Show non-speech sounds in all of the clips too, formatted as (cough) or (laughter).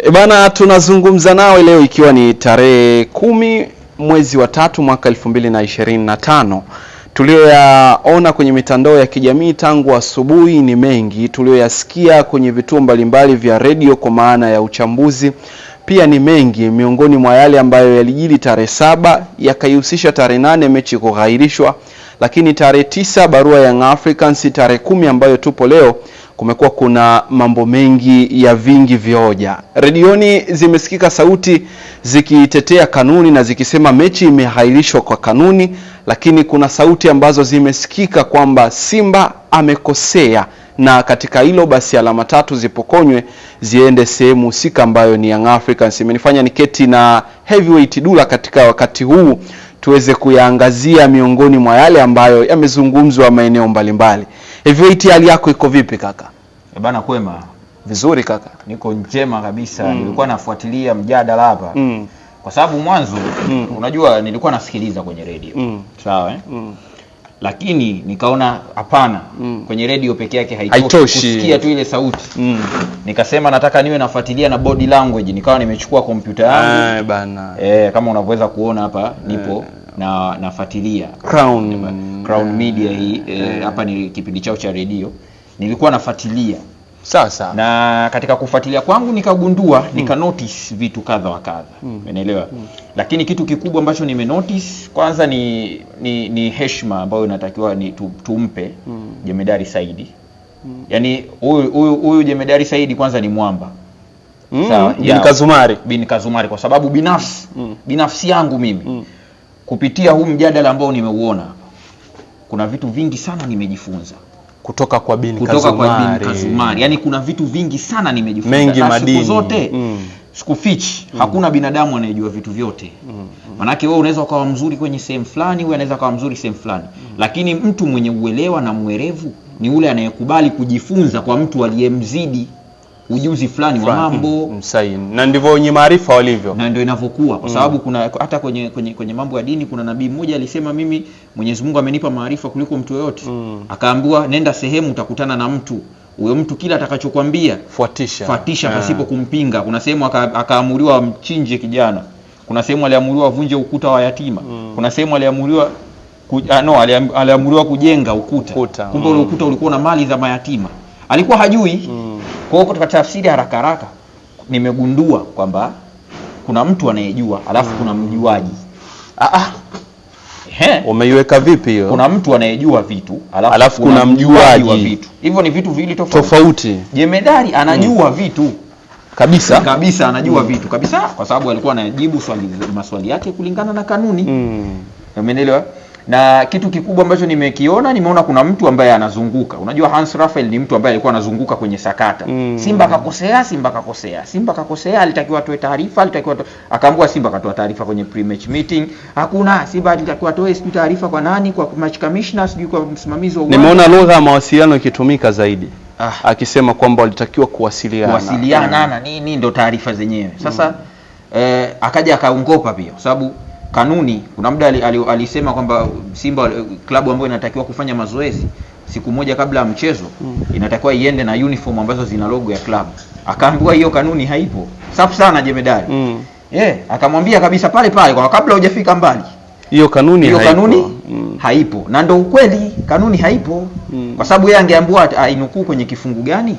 E bana, tunazungumza nawe leo ikiwa ni tarehe kumi mwezi wa tatu mwaka elfu mbili na ishirini na tano. Tuliyoyaona kwenye mitandao ya kijamii tangu asubuhi ni mengi, tuliyoyasikia kwenye vituo mbalimbali vya redio kwa maana ya uchambuzi pia ni mengi. Miongoni mwa yale ambayo yalijili tarehe saba yakaihusisha tarehe nane mechi kughairishwa, lakini tarehe tisa barua ya Young Africans, tarehe kumi ambayo tupo leo kumekuwa kuna mambo mengi ya vingi vyoja. Redioni zimesikika sauti zikitetea kanuni na zikisema mechi imehairishwa kwa kanuni, lakini kuna sauti ambazo zimesikika kwamba Simba amekosea na katika hilo basi alama tatu zipokonywe ziende sehemu husika ambayo ni Young Africans. Imenifanya niketi na Heavyweight Dula katika wakati huu tuweze kuyaangazia miongoni mwa yale ambayo yamezungumzwa maeneo mbalimbali. Hivyo iti hali yako iko vipi kaka? E bana, kwema vizuri kaka, niko njema kabisa mm. Nilikuwa nafuatilia mjadala hapa mm. kwa sababu mwanzo mm. unajua nilikuwa nasikiliza kwenye redio mm. sawa eh? mm. lakini nikaona hapana mm. kwenye redio peke yake haitoshi kusikia tu ile sauti mm. nikasema nataka niwe nafuatilia na body language, nikawa nimechukua kompyuta yangu eh, bana eh, kama unavyoweza kuona hapa nipo eh na nafuatilia Crown, Crown Media hii eh, eh, eh. hapa e, ni kipindi chao cha redio nilikuwa nafuatilia sasa na katika kufuatilia kwangu nikagundua hmm. nika notice vitu kadha wa kadha mm. umeelewa hmm. hmm. lakini kitu kikubwa ambacho nime notice kwanza ni ni, ni heshima ambayo inatakiwa ni tumpe hmm. Jemedari Saidi hmm. yani huyu huyu Jemedari Saidi kwanza ni mwamba mm. sawa bin Kazumari bin Kazumari kwa sababu binafsi mm. binafsi yangu mimi mm kupitia huu mjadala ambao nimeuona, kuna vitu vingi sana nimejifunza kutoka kwa Bin Kazumari. yani kuna vitu vingi sana nimejifunza mengi madini siku zote mm. Sikufichi mm. Hakuna binadamu anayejua vitu vyote mm. mm. Manake wewe unaweza ukawa mzuri kwenye sehemu fulani, wewe anaweza ukawa mzuri sehemu fulani mm. Lakini mtu mwenye uelewa na mwerevu ni ule anayekubali kujifunza kwa mtu aliyemzidi ujuzi fulani wa mambo hmm, na ndivyo wenye maarifa walivyo, na ndio inavyokuwa kwa hmm. sababu mm. kuna hata kwenye, kwenye, kwenye mambo ya dini kuna nabii mmoja alisema, mimi Mwenyezi Mungu amenipa maarifa kuliko mtu yoyote mm. akaambiwa, nenda sehemu utakutana na mtu huyo mtu kila atakachokwambia fuatisha, fuatisha yeah. Hmm. pasipo kumpinga. Kuna sehemu akaamuriwa aka mchinje kijana, kuna sehemu aliamuriwa avunje ukuta wa yatima mm. kuna sehemu aliamuriwa ku, ah, no, aliamuriwa kujenga ukuta, ukuta. kumbe ule mm. ukuta ulikuwa na mali za mayatima, alikuwa hajui mm kwa hiyo kwa tafsiri haraka haraka nimegundua kwamba kuna mtu anayejua alafu kuna mjuaji. Ah ah. Umeiweka vipi hiyo? Kuna mtu anayejua vitu alafu, alafu kuna mjuaji wa vitu. Hivyo ni vitu viwili tofauti. Tofauti. Jemedari anajua hmm, vitu kabisa kabisa, anajua hmm, vitu kabisa, kwa sababu alikuwa anajibu swali maswali yake kulingana na kanuni. Mm. Umeelewa? na kitu kikubwa ambacho nimekiona, nimeona kuna mtu ambaye anazunguka. Unajua Hans rafael ni mtu ambaye alikuwa anazunguka kwenye sakata mm. Simba akakosea, Simba akakosea, Simba akakosea, alitakiwa atoe taarifa, alitakiwa akaambua Simba akatoa taarifa kwenye pre match meeting, hakuna. Simba alitakiwa atoe sijui taarifa kwa nani, kwa match commissioner, sijui kwa msimamizi wa Nimeona lugha ya mawasiliano ikitumika zaidi ah. akisema kwamba walitakiwa kuwasiliana, kuwasiliana mm. na nini, ndio taarifa zenyewe sasa mm. eh, akaja akaongopa pia kwa sababu kanuni. Kuna muda alisema kwamba Simba eh, klabu ambayo inatakiwa kufanya mazoezi siku moja kabla ya mchezo mm. inatakiwa iende na uniform ambazo zina logo ya klabu. Akaambiwa hiyo kanuni haipo. Safi sana jemedari. Mm. Yeah, akamwambia kabisa pale pale kwa kabla hujafika mbali. Hiyo kanuni hiyo haipo. Kanuni mm. haipo. Na ndio ukweli, kanuni haipo. Mm. Kwa sababu yeye angeambiwa ainukuu ah, kwenye kifungu gani?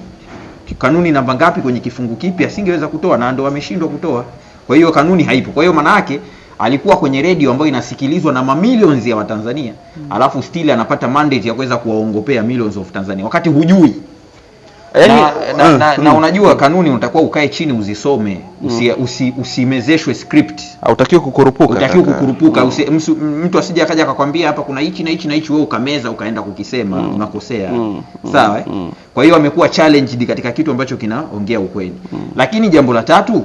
Kanuni namba ngapi kwenye kifungu kipi asingeweza kutoa na ndio ameshindwa kutoa. Kwa hiyo kanuni haipo. Kwa hiyo maana yake alikuwa kwenye redio ambayo inasikilizwa na mamilions ya Watanzania mm. alafu still anapata mandate ya kuweza kuwaongopea millions of Tanzania wakati hujui yaani, na, na, eh, na, na, na hmm. unajua kanuni unatakiwa ukae chini uzisome, hmm. usi, usi, usimezeshwe script. Hautakiwi kukurupuka. Hautakiwi eh, kukurupuka. Hmm. Usi, msu, mtu asije akaja akakwambia hapa kuna hichi na hichi na hichi, wewe ukameza ukaenda kukisema mm. unakosea. Mm. Sawa Mm. Kwa hiyo amekuwa challenged katika kitu ambacho kinaongea ukweli. Mm. Lakini jambo la tatu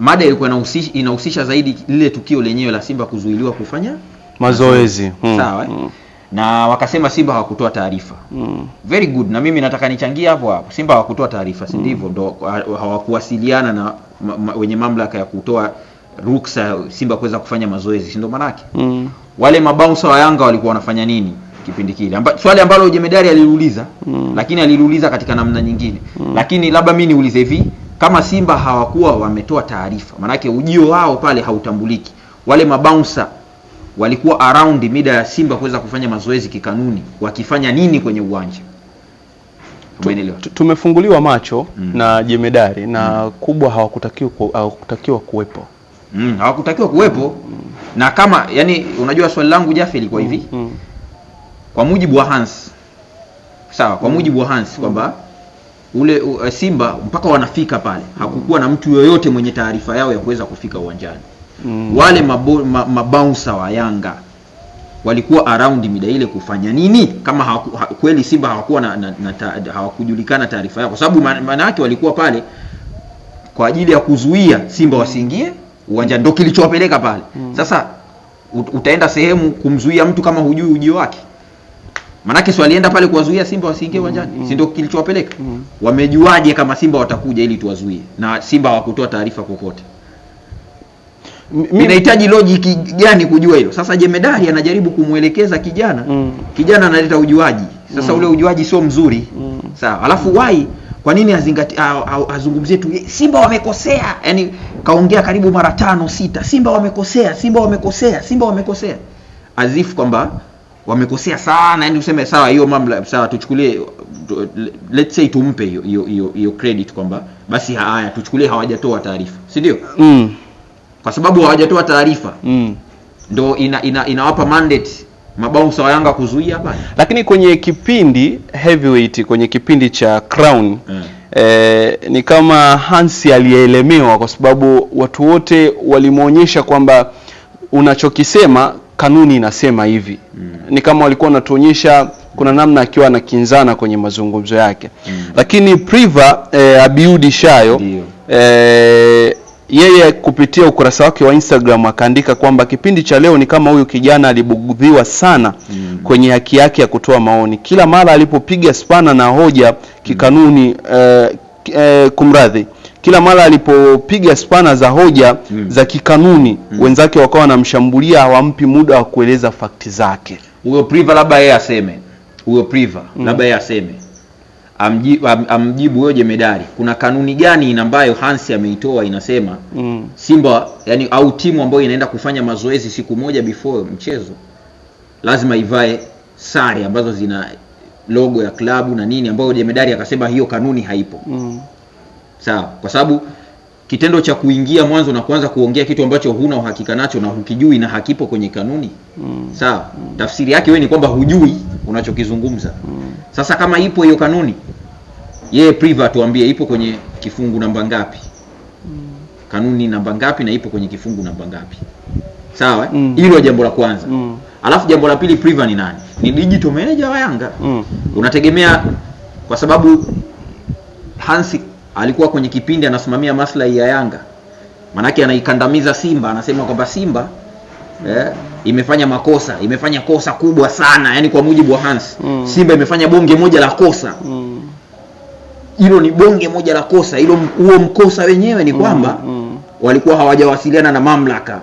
mada ilikuwa inahusisha inahusisha zaidi lile tukio lenyewe la Simba kuzuiliwa kufanya mazoezi hmm. Sawa hmm. Na wakasema Simba hawakutoa taarifa hmm. Very good, na mimi nataka nichangie hapo hapo. Simba hawakutoa taarifa, si ndivyo? Ndo hmm. hawakuwasiliana na ma, ma, wenye mamlaka ya kutoa ruksa Simba kuweza kufanya mazoezi, si ndo manake hmm. Wale mabounsa wa Yanga walikuwa wanafanya nini kipindi kile? Amba, swali ambalo jemedari aliliuliza mm. Lakini aliliuliza katika namna nyingine mm. Lakini labda mimi niulize hivi kama Simba hawakuwa wametoa taarifa, maanake ujio wao pale hautambuliki. Wale mabouncer walikuwa around mida ya Simba kuweza kufanya mazoezi kikanuni, wakifanya nini kwenye uwanja? Tumefunguliwa macho mm. na jemedari na mm. kubwa hawakutakiwa hawakutakiwa kuwepo mm, hawakutakiwa kuwepo mm. na kama yani, unajua swali langu Jafe ilikuwa mm, hivi mm. kwa mujibu wa Hans sawa, kwa mm. mujibu wa Hans mm. kwamba mm ule uh, Simba mpaka wanafika pale hakukuwa na mtu yoyote mwenye taarifa yao ya kuweza kufika uwanjani. Mm. Wale mabo, ma, wa Yanga walikuwa around mida ile kufanya nini kama haku, ha, kweli Simba hawakuwa na, na, na ta, hawakujulikana taarifa yao, kwa sababu maana yake walikuwa pale kwa ajili ya kuzuia Simba wasiingie uwanjani, ndio kilichowapeleka pale. Mm. Sasa utaenda sehemu kumzuia mtu kama hujui ujio wake? Manake si walienda pale kuwazuia Simba wasiingie mm-hmm. uwanjani, mm -hmm. si mm-hmm. ndio kilichowapeleka? mm -hmm. Wamejuaje kama Simba watakuja ili tuwazuie, na Simba hawakutoa taarifa kokote? Inahitaji logic gani kujua hilo? Sasa jemedari anajaribu kumwelekeza kijana mm -hmm. kijana analeta ujuaji sasa mm -hmm. ule ujuaji sio mzuri mm -hmm. sawa, alafu mm. wai kwa nini azungumzie tu Simba wamekosea? Yaani kaongea karibu mara tano sita, Simba wamekosea, Simba wamekosea, Simba wamekosea, azifu kwamba wamekosea sana, yani useme sawa, hiyo mamla sawa, tuchukulie let's say tumpe hiyo hiyo hiyo credit kwamba basi, haya tuchukulie hawajatoa taarifa, si ndio? mm. kwa sababu hawajatoa taarifa mm. ndo ina, ina, inawapa mandate mabounsa wa Yanga kuzuia hapa, lakini kwenye kipindi Heavyweight, kwenye kipindi cha Crown mm. Eh, ni kama Hansi aliyeelemewa kwa sababu watu wote walimwonyesha kwamba unachokisema kanuni inasema hivi mm. Ni kama walikuwa wanatuonyesha kuna namna akiwa anakinzana kwenye mazungumzo yake mm. Lakini Priva e, eh, Abiudi Shayo e, eh, yeye kupitia ukurasa wake wa Instagram akaandika kwamba kipindi cha leo ni kama huyu kijana alibugudhiwa sana mm. kwenye haki yake ya kutoa maoni kila mara alipopiga spana na hoja kikanuni mm. e, e, kumradhi kila mara alipopiga spana za hoja mm. za kikanuni mm. wenzake wakawa wanamshambulia, hawampi muda wa kueleza fakti zake. Huyo Priva labda yeye aseme, huyo Priva mm. labda yeye aseme, amjibu am, huyo jemedari, kuna kanuni gani ambayo Hansi ameitoa inasema mm. Simba yani, au timu ambayo inaenda kufanya mazoezi siku moja before mchezo lazima ivae sare ambazo zina logo ya klabu na nini, ambayo jemedari akasema hiyo kanuni haipo mm sawa, kwa sababu kitendo cha kuingia mwanzo na kuanza kuongea kitu ambacho huna uhakika nacho na hukijui na hakipo kwenye kanuni mm. sawa mm. tafsiri yake wewe ni kwamba hujui unachokizungumza mm. Sasa kama ipo hiyo kanuni, yeye Priva tuambie ipo kwenye kifungu namba ngapi mm. kanuni namba ngapi na ipo kwenye kifungu namba ngapi? Sawa, eh? mm. hilo mm. jambo la kwanza mm. Alafu jambo la pili, Priva ni nani? Ni digital manager wa Yanga mm. unategemea kwa sababu Hansi alikuwa kwenye kipindi anasimamia maslahi ya Yanga, manake anaikandamiza Simba, anasema kwamba Simba eh, imefanya makosa, imefanya kosa kubwa sana, yani kwa mujibu wa Hans mm. Simba imefanya bonge moja la kosa mm. hilo mm. ni bonge moja la kosa hilo. Huo mkosa wenyewe ni mm, kwamba mm. mm. walikuwa hawajawasiliana na mamlaka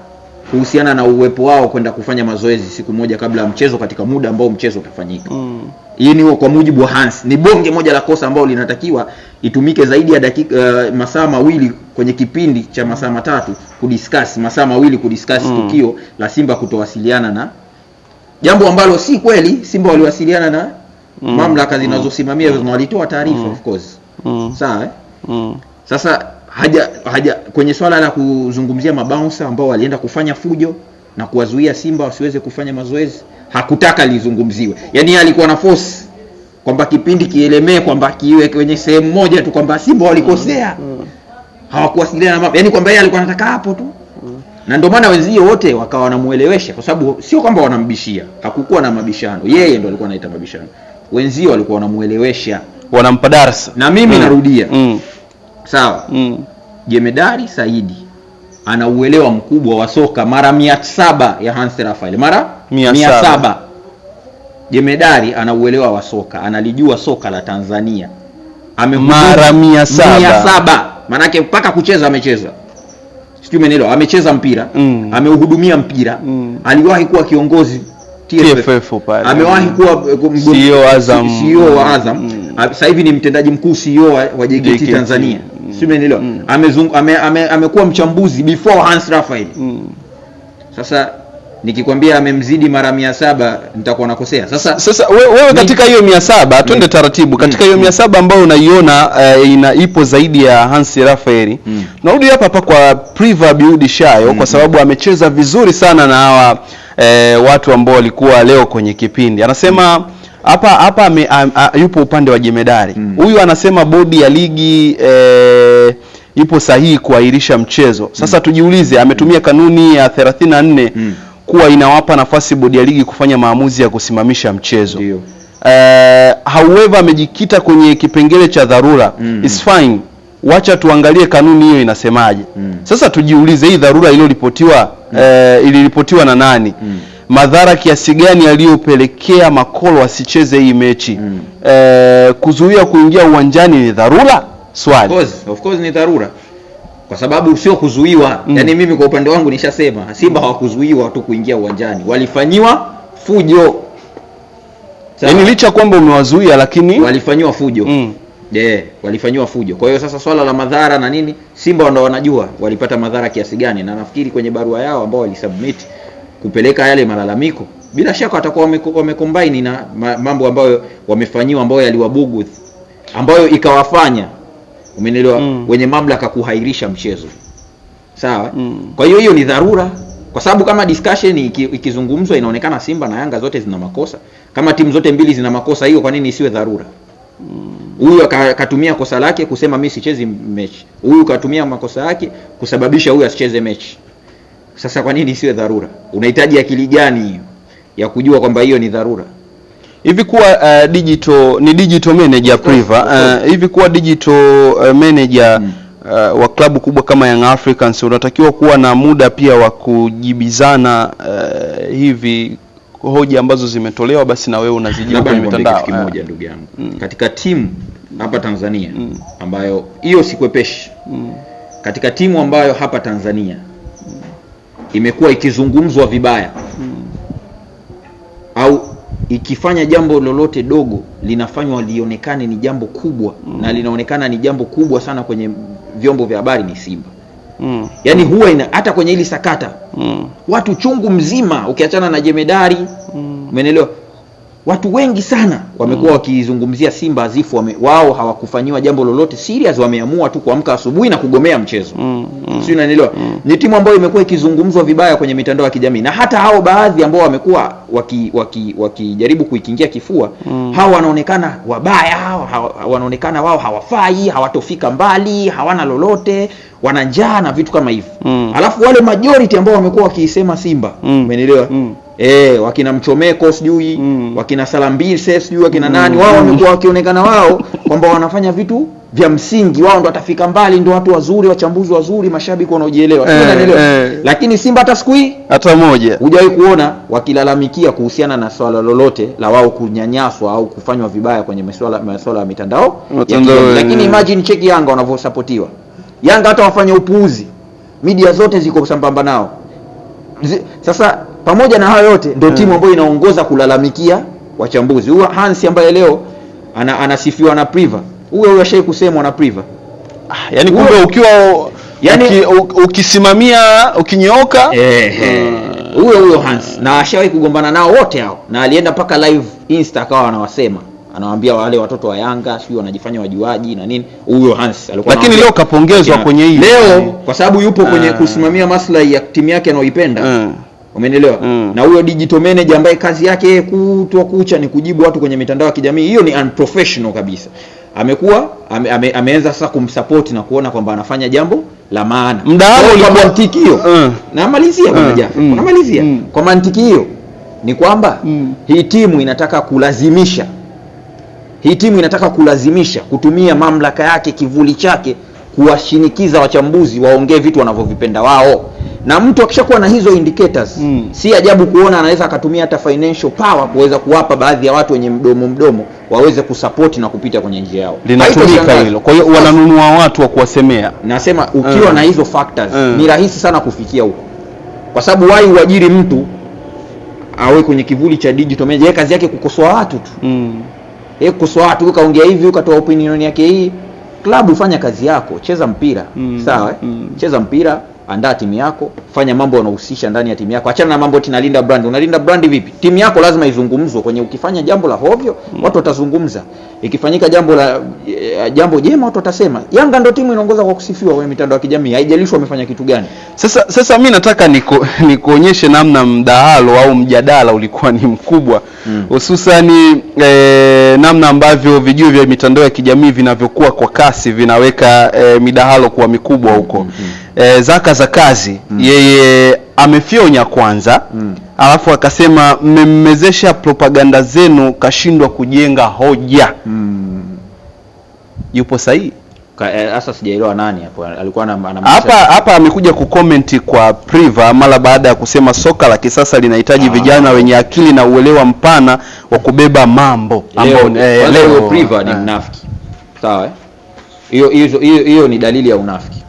kuhusiana na uwepo wao kwenda kufanya mazoezi siku moja kabla ya mchezo katika muda ambao mchezo utafanyika mm. Hii ni kwa mujibu wa Hans. Ni bonge moja la kosa ambalo linatakiwa itumike zaidi ya dakika uh, masaa mawili kwenye kipindi cha masaa matatu kudiscuss, masaa mawili kudiscuss mm. tukio la Simba kutowasiliana na jambo ambalo si kweli. Simba waliwasiliana na mm. mamlaka mm. zinazosimamia mm. walitoa taarifa mm. of course mm. sawa eh? mm. Sasa haja, haja kwenye swala la kuzungumzia mabouncer ambao walienda kufanya fujo na kuwazuia Simba wasiweze kufanya mazoezi, hakutaka lizungumziwe. Yani alikuwa na force kwamba kipindi kielemee, kwamba kiwe kwenye sehemu moja tu, kwamba Simba walikosea, mm. Mm. hawakuwasiliana mambo, yani kwamba yeye alikuwa anataka hapo tu mm. na ndio maana wenzio wote wakawa wanamuelewesha, kwa sababu sio kwamba wanambishia, hakukuwa na mabishano, yeye ndo alikuwa anaita mabishano. Wenzio walikuwa wanamuelewesha, wanampa darasa. Na mimi mm. narudia mm. sawa mm. Jemedari Saidi ana uelewa mkubwa wa soka mara mia saba ya Hans rafael mara mia saba. Jemedari ana uelewa wa soka, analijua soka la Tanzania, mara mia saba, maanake mpaka kucheza amecheza sijui menelo amecheza mpira mm. ameuhudumia mpira mm. aliwahi kuwa kiongozi TFF, amewahi kuwa eh, CEO wa Azam, e mm. Mm. sasa hivi ni mtendaji mkuu CEO wa JKT Tanzania si umeelewa? mm. amekuwa ame, ame, ame mchambuzi before Hans Raphael mm. Sasa nikikwambia amemzidi mara mia saba nitakuwa nakosea. Sasa sasa wewe we, katika hiyo mia saba mm. twende taratibu katika hiyo mm. mia saba ambayo unaiona uh, ina ipo zaidi ya Hans Raphael mm. narudi hapa hapa kwa Priva Biudi Shayo mm. kwa sababu amecheza vizuri sana na hawa uh, watu ambao walikuwa leo kwenye kipindi anasema mm hapa hapa yupo upande wa jemedari hmm. huyu mm. anasema bodi ya ligi e, ipo sahihi kuahirisha mchezo hmm. sasa. mm. Tujiulize, ametumia kanuni ya 34 mm. kuwa inawapa nafasi bodi ya ligi kufanya maamuzi ya kusimamisha mchezo Uh, however amejikita kwenye kipengele cha dharura mm. It's fine, wacha tuangalie kanuni hiyo inasemaje. mm. Sasa tujiulize, hii dharura iliyoripotiwa mm. uh, eh, iliripotiwa na nani? mm madhara kiasi gani yaliyopelekea Makolo asicheze hii mechi mm. E, kuzuia kuingia uwanjani ni dharura swali. Of course, of course ni dharura kwa sababu sio kuzuiwa mm. Yani mimi kwa upande wangu nishasema Simba hawakuzuiwa watu kuingia uwanjani, walifanyiwa fujo. yani, licha kwamba umewazuia lakini walifanyiwa fujo mm. Yeah, walifanyiwa fujo. Kwa hiyo sasa swala la madhara na nini, Simba ndo wanajua walipata madhara kiasi gani, na nafikiri kwenye barua yao ambao walisubmit kupeleka yale malalamiko, bila shaka watakuwa wamekombaini na mambo ambayo wamefanyiwa, ambayo yaliwabugu, ambayo ikawafanya umenielewa, mm. wenye mamlaka kuhairisha mchezo sawa. mm. Kwa hiyo hiyo ni dharura, kwa sababu kama discussion ikizungumzwa inaonekana Simba na Yanga zote zina makosa, kama timu zote mbili zina makosa, hiyo kwa nini isiwe dharura? Mm. Huyu akatumia kosa lake kusema mimi sichezi mechi, huyu katumia makosa yake kusababisha huyu asicheze mechi. Sasa kwa nini isiwe dharura? Unahitaji akili gani hiyo ya kujua kwamba hiyo ni dharura? Hivi kuwa uh, digital ni digital manager Priva, eh, hivi uh, kuwa digital uh, manager hmm. Uh, wa klabu kubwa kama Young Africans unatakiwa kuwa na muda pia wa kujibizana uh, hivi hoja ambazo zimetolewa basi na wewe unazijibu kwenye mitandao. kimoja ndugu yangu mm. katika timu hapa Tanzania mm. ambayo hiyo sikwepeshi mm. katika timu ambayo hapa Tanzania imekuwa ikizungumzwa vibaya au ikifanya jambo lolote dogo linafanywa lionekane ni jambo kubwa mm. na linaonekana ni jambo kubwa sana kwenye vyombo vya habari ni Simba mm. yaani huwa ina hata kwenye hili sakata mm. watu chungu mzima ukiachana na jemedari mm. umeelewa mm watu wengi sana wamekuwa mm. wakizungumzia Simba azifu wao hawakufanyiwa jambo lolote serious, wameamua tu kuamka asubuhi na kugomea mchezo mm. mm. sio, unanielewa mm. ni timu ambayo imekuwa ikizungumzwa vibaya kwenye mitandao ya kijamii, na hata hao baadhi ambao wamekuwa wakijaribu waki, waki kuikingia kifua mm. hao wanaonekana wabaya, hao wanaonekana wao hawafai, hawatofika mbali, hawana lolote, wana njaa na vitu kama hivi mm. alafu wale majority ambao wamekuwa wakiisema Simba, umeelewa mm. mm eh, wakina Mchomeko sijui mm. wakina Salambise sijui wakina mm. nani wao wamekuwa wakionekana wao kwamba wanafanya vitu vya msingi, wao ndo watafika mbali, ndo watu wazuri, wachambuzi wazuri, mashabiki wanaojielewa eh, eh. Lakini Simba hata siku hii hata moja hujawahi kuona wakilalamikia kuhusiana na swala lolote la wao kunyanyaswa au kufanywa vibaya kwenye maswala masuala ya mitandao, lakini imagine cheki Yanga wanavyosapotiwa. Yanga hata wafanye upuuzi, media zote ziko sambamba nao. Zi, Sasa pamoja na hayo yote ndio hmm. timu ambayo inaongoza kulalamikia wachambuzi. Huyu Hansi ambaye leo ana, anasifiwa na Priva, huyo huyo ashai kusemwa na Priva. Ah, yani kumbe ukiwa yani, uki, ukisimamia ukinyooka hmm. huyo huyo Hans na ashawahi kugombana nao wote hao, na alienda mpaka live Insta akawa anawasema anawaambia wale watoto wa Yanga sio wanajifanya wajuaji na nini. Huyo Hans alikuwa lakini leo kapongezwa kwenye hii leo hmm. kwa sababu yupo kwenye kusimamia maslahi ya timu yake anaoipenda Umenielewa? Mm. Na huyo digital manager ambaye kazi yake kutwa kucha ni kujibu watu kwenye mitandao ya kijamii, hiyo ni unprofessional kabisa. Amekuwa ame, ame, ameanza sasa kumsupport na kuona kwamba anafanya jambo la maana. Mda kwa mantiki hiyo. Mm. Na malizia kwa mm. mm. Mm. Kwa mantiki hiyo ni kwamba mm. hii timu inataka kulazimisha hii timu inataka kulazimisha kutumia mamlaka yake, kivuli chake, kuwashinikiza wachambuzi waongee vitu wanavyovipenda wao na mtu akishakuwa na hizo indicators mm. si ajabu kuona anaweza akatumia hata financial power kuweza kuwapa baadhi ya watu wenye mdomo mdomo waweze kusupport na kupita kwenye njia yao. Linatumika hilo, kwa hiyo wananunua watu wa kuwasemea. Nasema ukiwa mm. na hizo factors mm. ni rahisi sana kufikia huko, kwa sababu wai uajiri mtu awe kwenye kivuli cha digital media kazi yake kukosoa watu tu mm. yeye kukosoa watu, ukaongea hivi, ukatoa opinion yake hii. Klabu fanya kazi yako, cheza mpira mm. sawa eh? mm. cheza mpira andaa timu yako, fanya mambo yanahusisha ndani ya timu yako, achana na mambo tinalinda brand. Unalinda brand vipi? Timu yako lazima izungumzwe kwenye, ukifanya jambo la hovyo mm. watu watazungumza, ikifanyika jambo la e, jambo jema watu watasema Yanga ndio timu inaongoza kwa kusifiwa kwenye mitandao ya kijamii, haijalishi wamefanya kitu gani. Sasa sasa mimi nataka niko nikuonyeshe namna mdahalo au mjadala ulikuwa ni mkubwa mm. hususani mm. e, namna ambavyo vijio vya mitandao ya kijamii vinavyokuwa kwa kasi vinaweka e, midahalo kuwa mikubwa huko mm -hmm e, zaka za kazi mm. yeye amefyonya kwanza mm. alafu akasema mmemezesha propaganda zenu kashindwa kujenga hoja mm. yupo sahihi eh, sasa sijaelewa nani hapo alikuwa hapa hapa amekuja kukomenti kwa Priva mara baada ya kusema soka la kisasa linahitaji ah. vijana wenye akili na uelewa mpana wa kubeba mambo ambao eh, leo Priva ni ah. mnafiki sawa hiyo hiyo hiyo ni dalili ya unafiki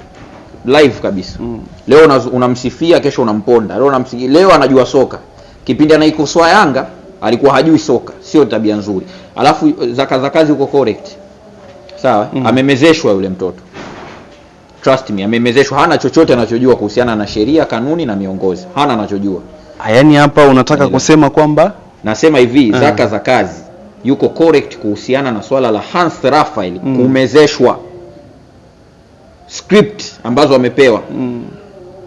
live kabisa mm. Leo unamsifia, kesho unamponda. Leo unamsifia, leo anajua soka, kipindi anaikosoa Yanga alikuwa hajui soka. Sio tabia nzuri. Alafu eh, zaka za kazi uko correct, sawa mm. Amemezeshwa yule mtoto, trust me, amemezeshwa. Hana chochote anachojua kuhusiana na sheria, kanuni na miongozi, hana anachojua. Yaani hapa unataka Nile. kusema kwamba nasema hivi ah. zaka za kazi yuko correct kuhusiana na swala la Hans rafael mm. kumezeshwa script ambazo wamepewa mm.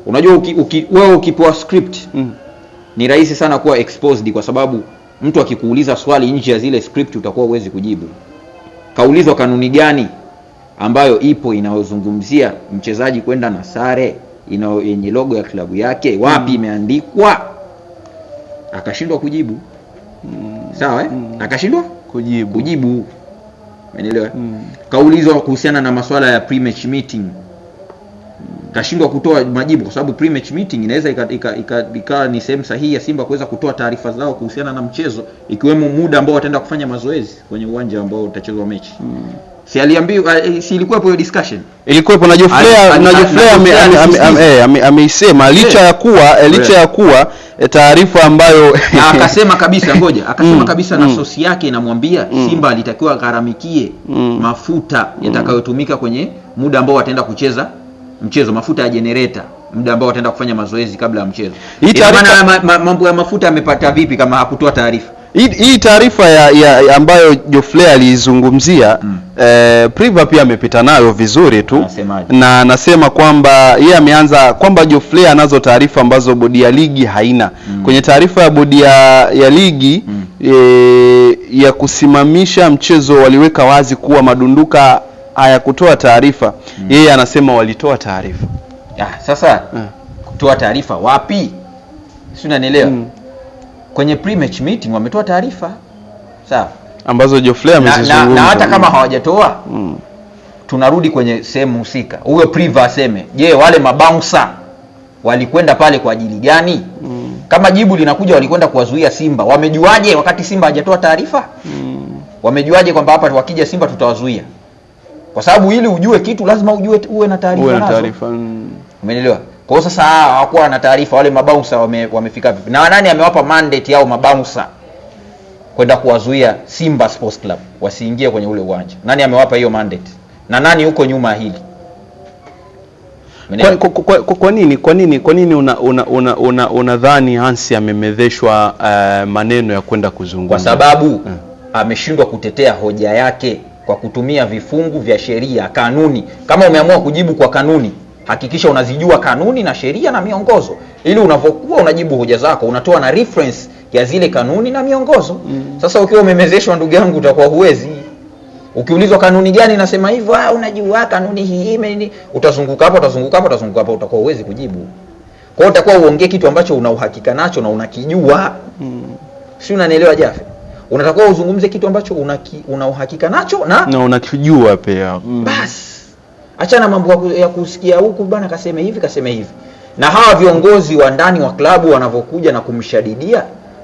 Unajua uki, uki, wewe ukipewa script mm. ni rahisi sana kuwa exposed, kwa sababu mtu akikuuliza swali nje ya zile script utakuwa uwezi kujibu. Kaulizwa kanuni gani ambayo ipo inayozungumzia mchezaji kwenda na sare yenye logo ya klabu yake wapi mm. imeandikwa? mm. akashindwa kujibu mm. sawa eh? mm. akashindwa kujibu, kujibu. Umeelewa? Mm. Kaulizwa kuhusiana na masuala ya pre-match meeting kashindwa kutoa majibu kwa sababu pre-match meeting inaweza ikawa ika, ika, ika ni sehemu sahihi ya Simba kuweza kutoa taarifa zao kuhusiana na mchezo ikiwemo muda ambao wataenda kufanya mazoezi kwenye uwanja ambao utachezwa mechi mm. Si aliambiwa ah, eh, si ilikuwepo hiyo discussion? Ilikuwepo na Joflea na Joflea eh, ameisema eh. licha ya kuwa licha ya kuwa taarifa ambayo na (laughs) akasema kabisa ngoja akasema mm. kabisa na mm. sosi yake inamwambia mm. Simba alitakiwa gharamikie mafuta yatakayotumika kwenye muda ambao wataenda kucheza mchezo, mafuta ya generator muda ambao wataenda kufanya mazoezi kabla ya mchezo. Hii taarifa mambo ya mafuta amepata vipi kama hakutoa taarifa? hii taarifa ya, ya ambayo Jofle aliizungumzia mm. Eh, Priva pia amepita nayo vizuri tu na anasema kwamba yeye ameanza kwamba Jofle anazo taarifa ambazo bodi ya ligi haina mm. kwenye taarifa ya bodi ya, ya ligi mm. eh, ya kusimamisha mchezo waliweka wazi kuwa madunduka hayakutoa taarifa mm. yeye anasema walitoa taarifa. Ah, sasa eh. kutoa taarifa wapi? si unanielewa? mm kwenye pre-match meeting wametoa taarifa sawa, ambazo Jofle amezizungumza na, na hata kama mm. hawajatoa mm. tunarudi kwenye sehemu husika, huyo Priva aseme, je, wale mabouncer walikwenda pale kwa ajili gani? mm. kama jibu linakuja walikwenda kuwazuia Simba, wamejuaje wakati Simba hajatoa taarifa? mm. wamejuaje kwamba hapa wakija Simba tutawazuia? Kwa sababu ili ujue kitu lazima ujue uwe na taarifa nazo, mm. umeelewa? Kwa hiyo sasa hawakuwa na taarifa wale mabounsa wame, wamefika vipi na nani amewapa mandate yao mabausa kwenda kuwazuia Simba Sports Club wasiingie kwenye ule uwanja? Nani amewapa hiyo mandate na nani huko nyuma hili? Kwa, kwa, kwa, kwa nini kwa nini kwa nini unadhani una, una, una Hansi amemedheshwa uh, eh, maneno ya kwenda kuzungumza? Kwa sababu hmm, ameshindwa kutetea hoja yake kwa kutumia vifungu vya sheria, kanuni. Kama umeamua kujibu kwa kanuni Hakikisha unazijua kanuni na sheria na miongozo, ili unavokuwa unajibu hoja zako unatoa na reference ya zile kanuni na miongozo mm. Sasa ukiwa umemezeshwa, ndugu yangu, utakuwa huwezi. Ukiulizwa kanuni gani nasema hivyo, ah, unajua kanuni hii imeni, utazunguka hapa, utazunguka hapa, utazunguka hapa, utakuwa huwezi kujibu. Kwa hiyo utakuwa uongee kitu ambacho una uhakika nacho na unakijua mm. si unanielewa Jafe? Unatakiwa uzungumze kitu ambacho una, una uhakika nacho na, na unakijua pia mm. basi achana mambo ya kusikia huku bwana kaseme hivi kaseme hivi. Na hawa viongozi wa ndani wa klabu wanavyokuja na kumshadidia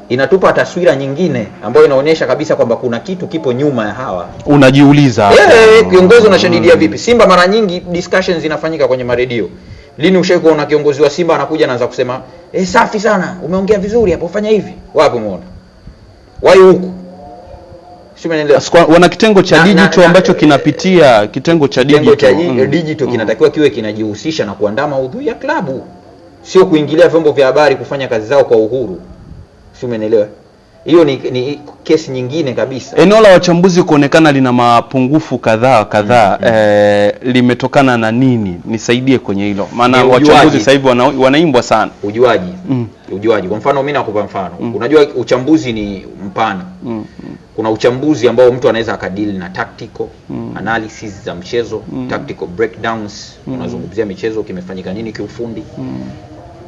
inatupa taswira nyingine ambayo inaonyesha kabisa kwamba kuna kitu kipo nyuma ya hawa. Unajiuliza eh, kiongozi eh, unashadidia mm, vipi? Simba mara nyingi discussions zinafanyika kwenye maredio. Lini ushai kuona kiongozi wa Simba anakuja anaanza kusema eh, safi sana, umeongea vizuri hapo, fanya hivi? Wapi umeona? Wai huku wana kitengo cha digital ambacho kinapitia eh, eh, kitengo cha mm. digital, mm, kinatakiwa kiwe kinajihusisha na kuandaa maudhui ya klabu, sio kuingilia vyombo vya habari kufanya kazi zao kwa uhuru, si umeelewa? Hiyo ni, ni kesi nyingine kabisa. Eneo la wachambuzi kuonekana lina mapungufu kadhaa kadhaa, mm -hmm. Eh, limetokana na nini? Nisaidie kwenye hilo, maana wachambuzi sasa hivi wana, wanaimbwa sana ujuaji mm. Ujuaji kwa mfano, mimi nakupa mfano mm. Unajua uchambuzi ni mpana mm kuna uchambuzi ambao mtu anaweza akadili na tactical mm. analysis za mchezo mm. tactical breakdowns mm. unazungumzia michezo kimefanyika nini kiufundi mm.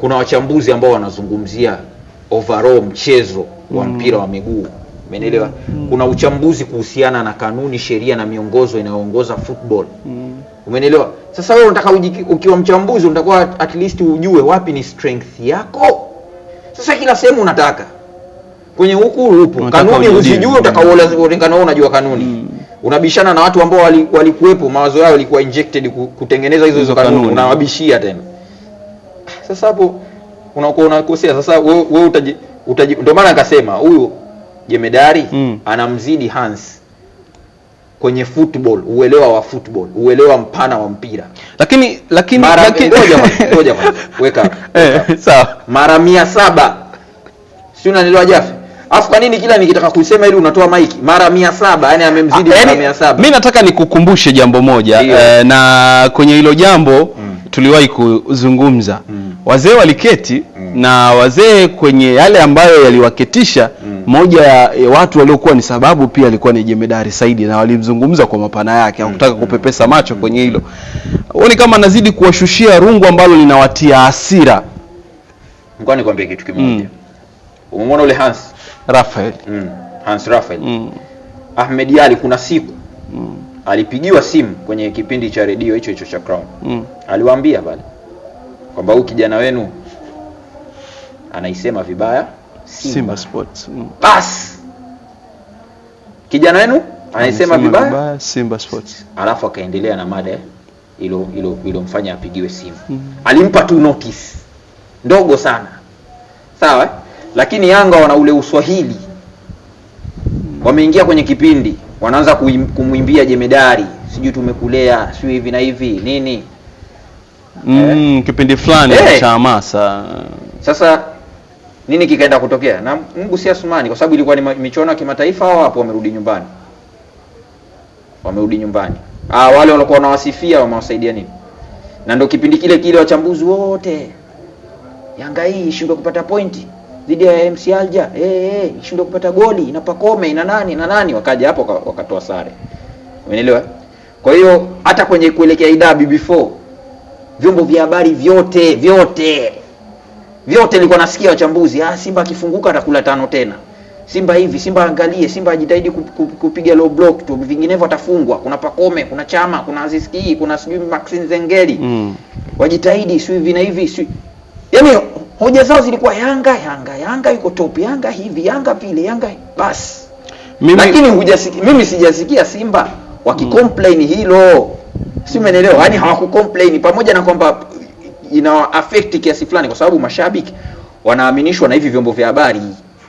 kuna wachambuzi ambao wanazungumzia overall mchezo wa mm. mpira wa miguu umeelewa mm. mm. kuna uchambuzi kuhusiana na kanuni sheria na miongozo inayoongoza football mm. umeelewa sasa wewe unataka ukiwa mchambuzi unatakuwa at least ujue wapi ni strength yako sasa kila sehemu unataka kwenye huku upo, kanuni usijui utakaolingana wewe, unajua kanuni mm. Unabishana na watu ambao walikuwepo, wali mawazo yao yalikuwa injected kutengeneza hizo hizo kanuni, kanuni. unawabishia tena. Sasa hapo unakuwa unakosea. Sasa wewe utaji, utaji ndio maana nikasema huyu jemedari mm. anamzidi Hans kwenye football, uelewa wa football, uelewa mpana wa mpira. Lakini lakini mara, lakini ngoja (laughs) ngoja, weka eh, sawa, mara 700 si unanielewa Jafa? Afu kwa nini kila nikitaka kusema ili unatoa mic mara 700 yani amemzidi mara 700. Ah, Mimi nataka nikukumbushe jambo moja e, na kwenye hilo jambo mm. tuliwahi kuzungumza mm. wazee waliketi mm. na wazee kwenye yale ambayo yaliwaketisha mm. moja ya e, watu waliokuwa ni sababu pia alikuwa ni Jemedari Saidi na walimzungumza kwa mapana yake, hakutaka mm. kupepesa mm. macho mm. kwenye hilo. Uone kama nazidi kuwashushia rungu ambalo linawatia hasira. Ngoja nikwambie kitu kimoja. Mm. Umeona ule Hans Rafael mm. Hans Rafael mm. Ahmed ali kuna siku mm. alipigiwa simu kwenye kipindi cha redio hicho hicho cha Crown mm. aliwaambia pale kwamba huyu kijana wenu anaisema vibaya Simba, Simba Sports mm. bas kijana wenu anaisema vibaya, Simba Sports, alafu akaendelea na mada ilo ilo ilomfanya apigiwe simu mm. alimpa tu notice ndogo sana sawa lakini Yanga wana ule uswahili, wameingia kwenye kipindi wanaanza kumwimbia jemedari, sijui tumekulea, sijui hivi na hivi nini mm, eh, kipindi fulani eh, cha hamasa. Sasa nini kikaenda kutokea na Mungu si Asumani, kwa sababu ilikuwa ni michuano ya kimataifa. au hapo wamerudi nyumbani, wamerudi nyumbani. Ah, wale walikuwa wanawasifia wamewasaidia nini? Na ndo kipindi kile kile wachambuzi wote Yanga hii ishindwe kupata pointi dhidi ya MC Alja eh eh, eh ishindwe kupata goli na Pakome na nani na nani, wakaja hapo wakatoa sare, umeelewa? Kwa hiyo hata kwenye kuelekea idabi before vyombo vya habari vyote vyote vyote nilikuwa nasikia wachambuzi, ah, Simba akifunguka atakula tano tena, Simba hivi, Simba angalie, Simba ajitahidi kupiga low block tu, vinginevyo atafungwa. Kuna Pakome, kuna Chama, kuna Aziz Ki, kuna sijui Maxine Zengeli mm. wajitahidi, sio hivi na hivi, sio. yaani Hoja zao zilikuwa Yanga, Yanga, Yanga yuko top, Yanga hivi, Yanga vile, Yanga basi. Mimi... lakini hujasikia, mimi sijasikia Simba wakicomplain hilo, si umeelewa? Yaani hawakucomplain, pamoja na kwamba ina affect kiasi fulani, kwa sababu mashabiki wanaaminishwa na hivi vyombo vya habari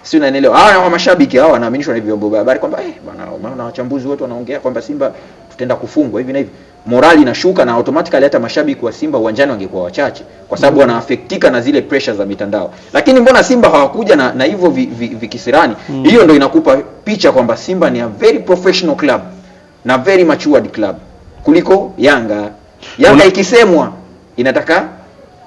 si unanielewa? Hawa wa mashabiki hawa wanaaminishwa na vyombo vya habari kwamba eh, bwana, maana wachambuzi wote wanaongea kwamba Simba tutaenda kufungwa hivi na hivi, morali inashuka na automatically hata mashabiki wa Simba uwanjani wangekuwa wachache, kwa sababu mm. wanaafektika na zile pressure za mitandao. Lakini mbona Simba hawakuja na, na hivyo vikisirani vi, vi mm. hiyo ndio inakupa picha kwamba Simba ni a very professional club na very matured club kuliko Yanga. Yanga Una... ikisemwa inataka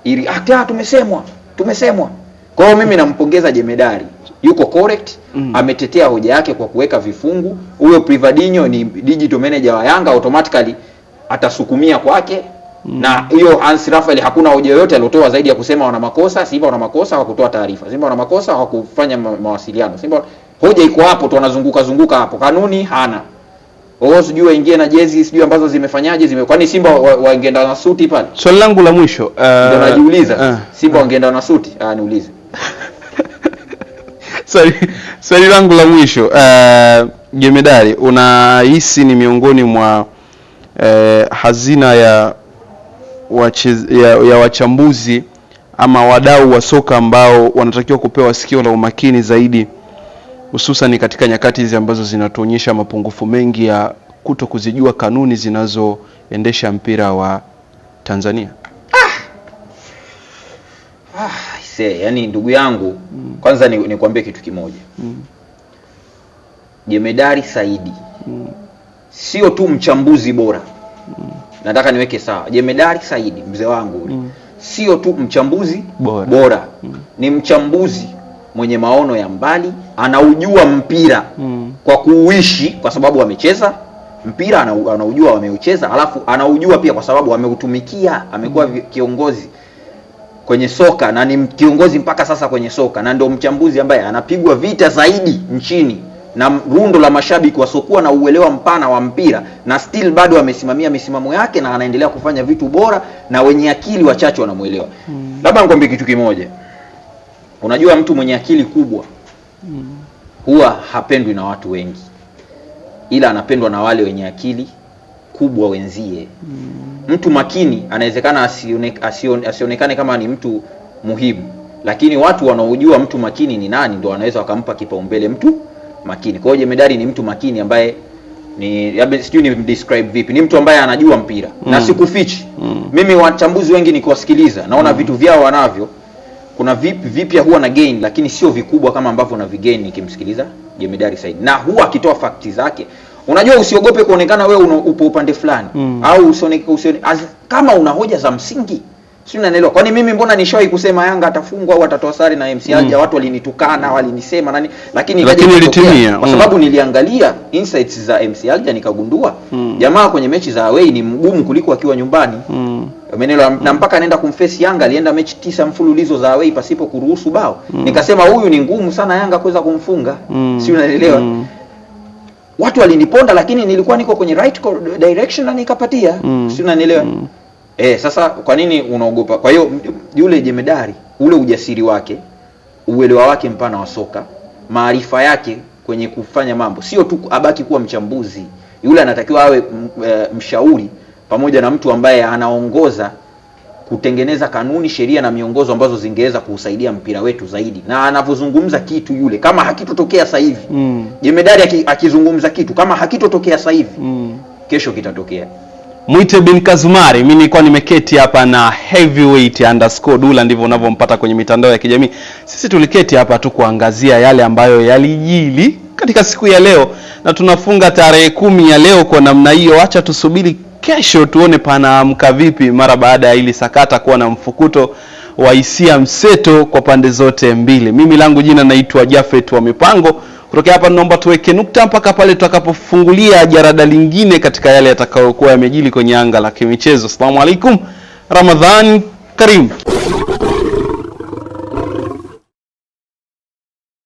ili ah, tumesemwa tumesemwa. Kwa hiyo mimi nampongeza Jemedari yuko correct mm. ametetea hoja yake kwa kuweka vifungu. Huyo Privadinho ni digital manager wa Yanga, automatically atasukumia kwake mm. na hiyo Hans rafael hakuna hoja yoyote aliotoa zaidi ya kusema wana makosa, Simba wana makosa, hawakutoa taarifa, Simba wana makosa, hawakufanya ma mawasiliano. Simba hoja iko hapo tu, anazunguka zunguka hapo, kanuni hana Oh, sijui waingie na jezi sijui ambazo zimefanyaje zime kwani Simba waingeenda wa na suti pale. Swali langu la mwisho uh, najiuliza uh, Simba uh, wangeenda na suti ah, niulize Swali langu la mwisho uh, unahisi ni miongoni mwa uh, hazina ya, wache, ya, ya wachambuzi ama wadau wa soka ambao wanatakiwa kupewa sikio la umakini zaidi, hususan katika nyakati hizi ambazo zinatuonyesha mapungufu mengi ya kuto kuzijua kanuni zinazoendesha mpira wa Tanzania? ah. Ah se, yani ndugu yangu mm. Kwanza nikuambie ni kitu kimoja mm. Jemedari Saidi mm. sio tu mchambuzi bora mm. nataka niweke sawa. Jemedari Saidi mzee wangu mm. sio tu mchambuzi bora, bora. Mm. ni mchambuzi mwenye maono ya mbali, anaujua mpira mm. kwa kuuishi, kwa sababu amecheza mpira, anaujua ameucheza alafu anaujua pia kwa sababu ameutumikia, amekuwa mm. kiongozi kwenye soka na ni kiongozi mpaka sasa kwenye soka na ndio mchambuzi ambaye anapigwa vita zaidi nchini na rundo la mashabiki wasiokuwa na uelewa mpana wa mpira na still bado amesimamia misimamo yake na anaendelea kufanya vitu bora na wenye akili wachache wanamuelewa. Mm. Labda nikwambie kitu kimoja. Unajua mtu mwenye akili kubwa mm, huwa hapendwi na watu wengi, ila anapendwa na wale wenye akili kubwa wenzie. mm. Mtu makini anawezekana asione, asione, asionekane kama ni mtu muhimu, lakini watu wanaojua mtu makini ni nani ndio wanaweza wakampa kipaumbele mtu makini. Kwa hiyo jemedari ni mtu makini ambaye ni sijui ni describe vipi, ni mtu ambaye anajua mpira mm. na sikufichi mm. mimi wachambuzi wengi nikiwasikiliza naona mm. vitu vyao wanavyo kuna vipi vipya huwa na gain lakini sio vikubwa kama ambavyo na vigain nikimsikiliza jemedari Said, na huwa akitoa fakti zake Unajua, usiogope kuonekana wewe upo upande fulani mm. au usione, usione kama una hoja za msingi, si unanielewa? Kwani mimi mbona nishawahi kusema Yanga atafungwa au atatoa sare na MC Alger mm. watu walinitukana walinisema nani, lakini lakini ilitimia kwa mm. sababu mm. niliangalia insights za MC Alger nikagundua mm. jamaa kwenye mechi za away ni mgumu kuliko akiwa nyumbani mm. Umenelewa mm. na mpaka anaenda kumfesi Yanga, alienda mechi tisa mfululizo za away pasipo kuruhusu bao mm. nikasema huyu ni ngumu sana Yanga kuweza kumfunga mm. si unanielewa mm watu waliniponda, lakini nilikuwa niko kwenye right direction na nikapatia. mm. si unanielewa? mm. e, sasa kwa nini unaogopa? Kwa hiyo yule jemedari, ule ujasiri wake, uelewa wake mpana wa soka, maarifa yake kwenye kufanya mambo, sio tu abaki kuwa mchambuzi, yule anatakiwa awe mm, eh, mshauri pamoja na mtu ambaye anaongoza kutengeneza kanuni, sheria na miongozo ambazo zingeweza kuusaidia mpira wetu zaidi. Na anavyozungumza kitu yule, kama hakitotokea sasa hivi mm. jemedari akizungumza kitu, kama hakitotokea sasa hivi mm. kesho kitatokea. Mwite bin Kazumari, mimi nilikuwa nimeketi hapa na Heavyweight underscore Dula, ndivyo unavyompata kwenye mitandao ya kijamii. Sisi tuliketi hapa tu kuangazia yale ambayo yalijili katika siku ya leo, na tunafunga tarehe kumi ya leo kwa namna hiyo. Acha tusubiri kesho tuone panaamka vipi mara baada ya hili sakata kuwa na mfukuto wa hisia mseto kwa pande zote mbili. Mimi langu jina naitwa Jafet wa Mipango. Kutokea hapa naomba tuweke nukta mpaka pale tutakapofungulia jarada lingine katika yale yatakayokuwa yamejili kwenye anga la kimichezo. asalamu alaikum, Ramadhan Karim.